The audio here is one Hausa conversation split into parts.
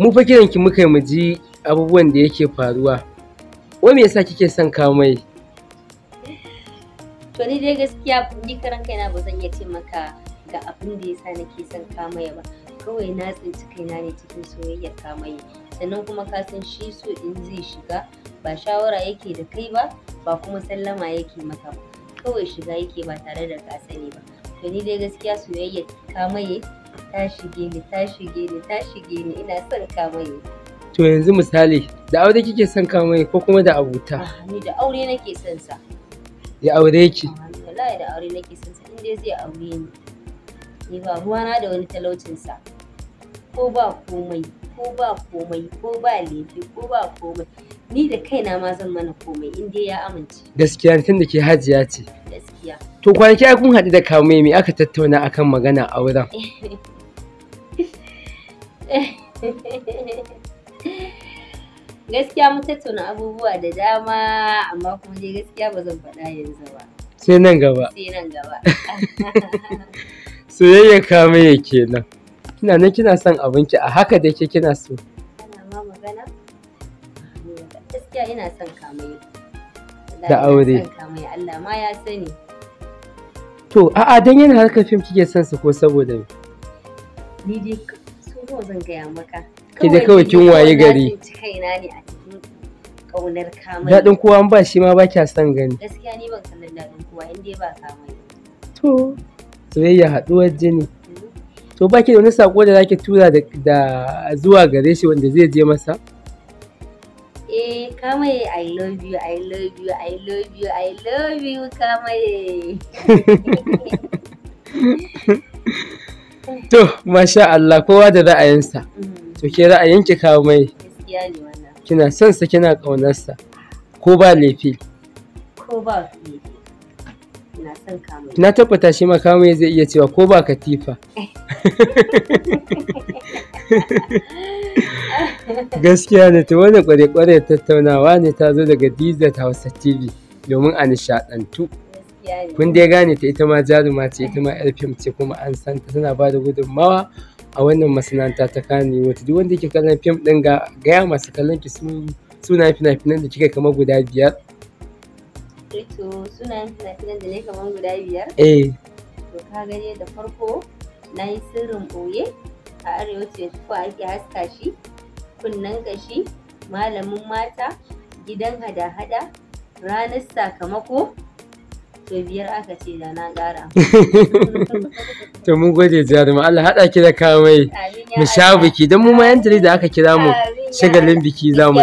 Mu fa kiran ki muka mu ji abubuwan da yake faruwa. Wai me yasa kike son kawo mai? To ni dai gaskiya ni karan kaina ba zan iya ce maka ga abin da yasa nake son kamaya ba. Kawai na tsinci kaina ne cikin soyayyar kamaya. Sannan kuma ka san shi so in zai shiga ba shawara yake da kai ba ba kuma sallama yake maka ba. Kawai shiga yake ba tare da ka sani ba. To ni dai gaskiya soyayyar kamaye ta shige ni ta shige ni ta shige ni ina son kamaye to yanzu misali da aure kike son kamaye ko kuma da abuta ah, ni da aure nake son sa ya aure ki ah, wallahi da aure nake son sa in dai zai aure ni ni ba na da wani talaucin sa ko ba komai ko ba komai ko ba lefi ko ba komai ni da kaina ma zan mana komai in dai ya amince gaskiya tun da ke hajiya ce gaskiya to kwanaki kun haɗu da kamai me aka tattauna akan magana a auren gaskiya mun tattauna abubuwa da dama amma kuma dai gaskiya ba zan faɗa yanzu ba sai nan gaba sai nan gaba soyayya kama ya kenan kina nan kina son abinki a haka da ke kina so kana ma magana gaskiya ina son kamaye da aure kamaye Allah ma ya sani to a'a dan yana harkar fim kike son su ko saboda ni dai ko zan gaya maka ki da kawai kin waye gari kaina ne a cikin kaunar kamar dadin kowa ba shi ma ba kya son gani gaskiya ni ban san dadin kowa inda ba kamar to soyayya haɗuwar jini mm-hmm. to ba ki da wani sako da zaki tura da zuwa gare shi wanda zai je masa eh kamaye i love you i love you i love you i love you kamaye to masha Allah kowa da ra'ayinsa mm-hmm. to ke ra'ayinki kawo mai kina son sa kina ƙaunarsa ko ba laifi ko ba na tabbata shi ma zai iya cewa ko ba katifa gaskiya ne ta wani kware-kware tattaunawa ne ta zo daga dizat hausa tv domin a nishaɗantu. kun dai gane ta ita ma jaruma ce ita ma LPM ce kuma an san ta tana ba da gudunmawa a wannan masana'anta ta kane wata duk wanda yake kallon fim din ga gaya masu kallon ki suna fina-finan da kika kama guda biyar eh to suna fina-finan da ne kamar guda biyar eh to ka gani da farko na yi sirrin ɓoye a arewa ce ko ake haska shi kunnen gashi malamin mata gidan hada-hada ranar sakamako to biyar aka ce da na ƙara to mun gode jaruma Allah haɗa ki da kamai mu sha biki don mu ma yan da aka kira mu shagalin biki za mu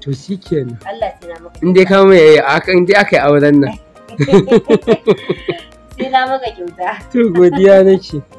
to shi kenan in dai kama yayi in dai aka yi auren nan sai na maka kyauta to godiya nake